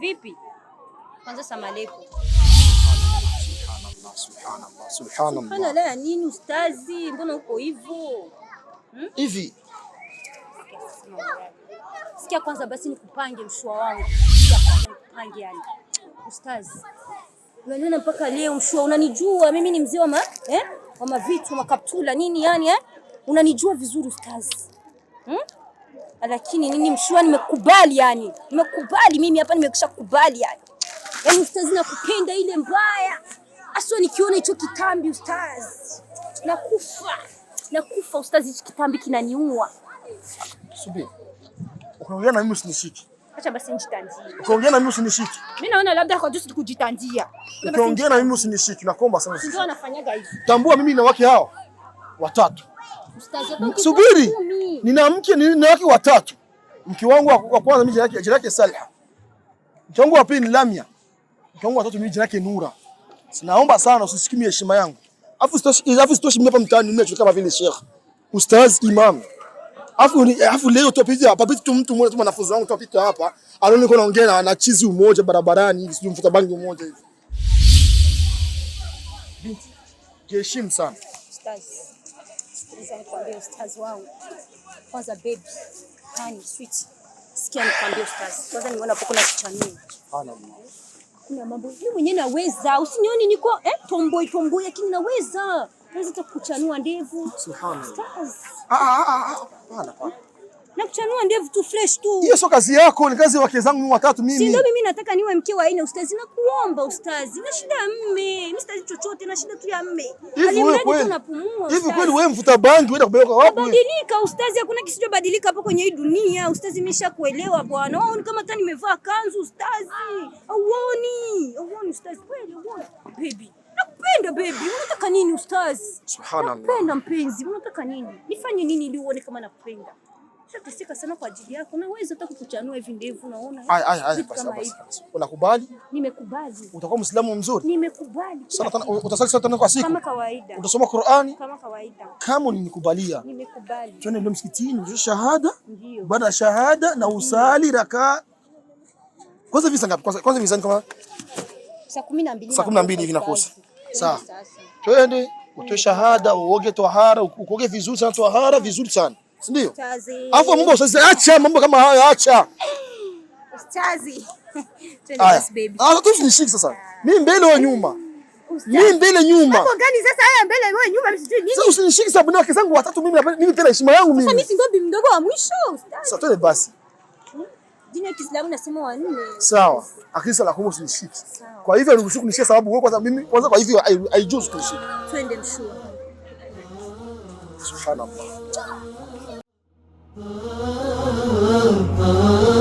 Vipi? essa samaleku Subhanallah. Subhanallah ya nini ustazi? Mbona uko hivyo? Hmm? Sikia kwanza basi nikupange mshua wangu. Nikupange yani. Ustazi. Unaniona mpaka leo mshua, unanijua mimi ni mzee wa ma eh? Wa mavitu, makaptula nini yani eh? Unanijua vizuri ustazi. Hmm? Lakini nini mshua, nimekubali yani. Nimekubali mimi hapa, nimekisha kubali yani. Yaani ustazi, nakupenda ile mbaya. Aswa nikiona hicho kitambi ustaz, nakufa nakufa ustaz, hicho kitambi kinaniua. Subiri, ukaongea na mimi usinishike. Acha basi nijitandie. Ukaongea na mimi usinishike. Mimi naona labda kwa juzi kujitandia. Ukaongea na mimi usinishike, nakuomba sana. Ndio anafanyaga hivi. Tambua mimi na wake hao watatu. subiri, nina mke nina wake watatu. Mke wangu wa kwanza mimi jina lake Salha. Mke wangu wa pili ni Lamia. Mke wangu wa tatu mimi jina lake Nura. Sinaomba sana usisikimie heshima yangu. Afu sitoshi afu sitoshi mimi hapa mtaani mimi nachukua kama vile Sheikh. Ustaz Imam. Afu afu leo tupita hapa pita mtu mmoja tu mwanafunzi wangu tupita hapa. Anaona niko naongea na chizi umoja barabarani hivi sijui mfuta bangi umoja hivi. Binti, heshima sana. Ustaz. Sikiliza nikwambie ustaz wangu. Kwanza baby, hani sweet. Sikia nikwambia ustaz. Kwanza niona hapo kuna kitu cha nini? Hana kuna mambo. Mimi mwenyewe naweza, usinioni niko eh, tomboy tomboy, lakini naweza naweza kukuchanua ndevu. Subhanallah. Ah ah, ah ah ah, hapana hapana kuchanua ndevu tu fresh tu. Hiyo sio kazi yako, ni kazi ya wake zangu watatu mimi. Si ndio mimi nataka niwe mke wa aina ustazi, na kuomba ustazi. Na shida ya mme, mimi sitaji chochote na shida tu ya mme. Hivi Alimradi tu napumua. Hivi kweli wewe mvuta bangi uenda kubeba wapi? Badilika ustazi, hakuna badilika hapo kwenye hii dunia. Ustazi mesha kuelewa bwana. Wao ni kama hata nimevaa kanzu ustazi. Auoni. Auoni ustazi kweli auoni. Baby. Nakupenda baby. Unataka nini ustazi? Subhanallah. Nakupenda mpenzi. Unataka nini? Nifanye nini ili uone kama nakupenda? Nateseka sana kwa ajili yako na uwezo hata kukuchanua hivi ndevu unaona? Haya haya haya basi basi. Unakubali? Nimekubali. Utakuwa Muislamu mzuri? Nimekubali. Utasali sala tano kwa siku? Kama kawaida. Utasoma Qur'ani? Kama kawaida. Kama ulinikubalia? Nimekubali. Twende leo msikitini, ndio shahada? Ndio. Baada ya shahada na usali raka. Kwanza visa ngapi? Kwanza kwanza visa kama saa 12. Saa 12 hivi nakosa. Sawa. Twende, utoe shahada, uoge tohara, ukoge vizuri sana tohara, vizuri sana si ndio? Alafu mambo sasa, acha mambo kama hayo, acha tusinishiki ah, sasa. Mimi mbele wa nyuma, mimi mbele nyuma, usinishiki sababu ni wake zangu watatu mimi, tena heshima yangu mimi. Sasa twende basi. Sawa, akisa la kumu usinishiki. Kwa hivyo niruhusu kunishika sababu wewe kwanza mimi kwanza, kwa hivyo haijuzu kunishika. Twende mshua. Subhanallah. Oh, oh, oh.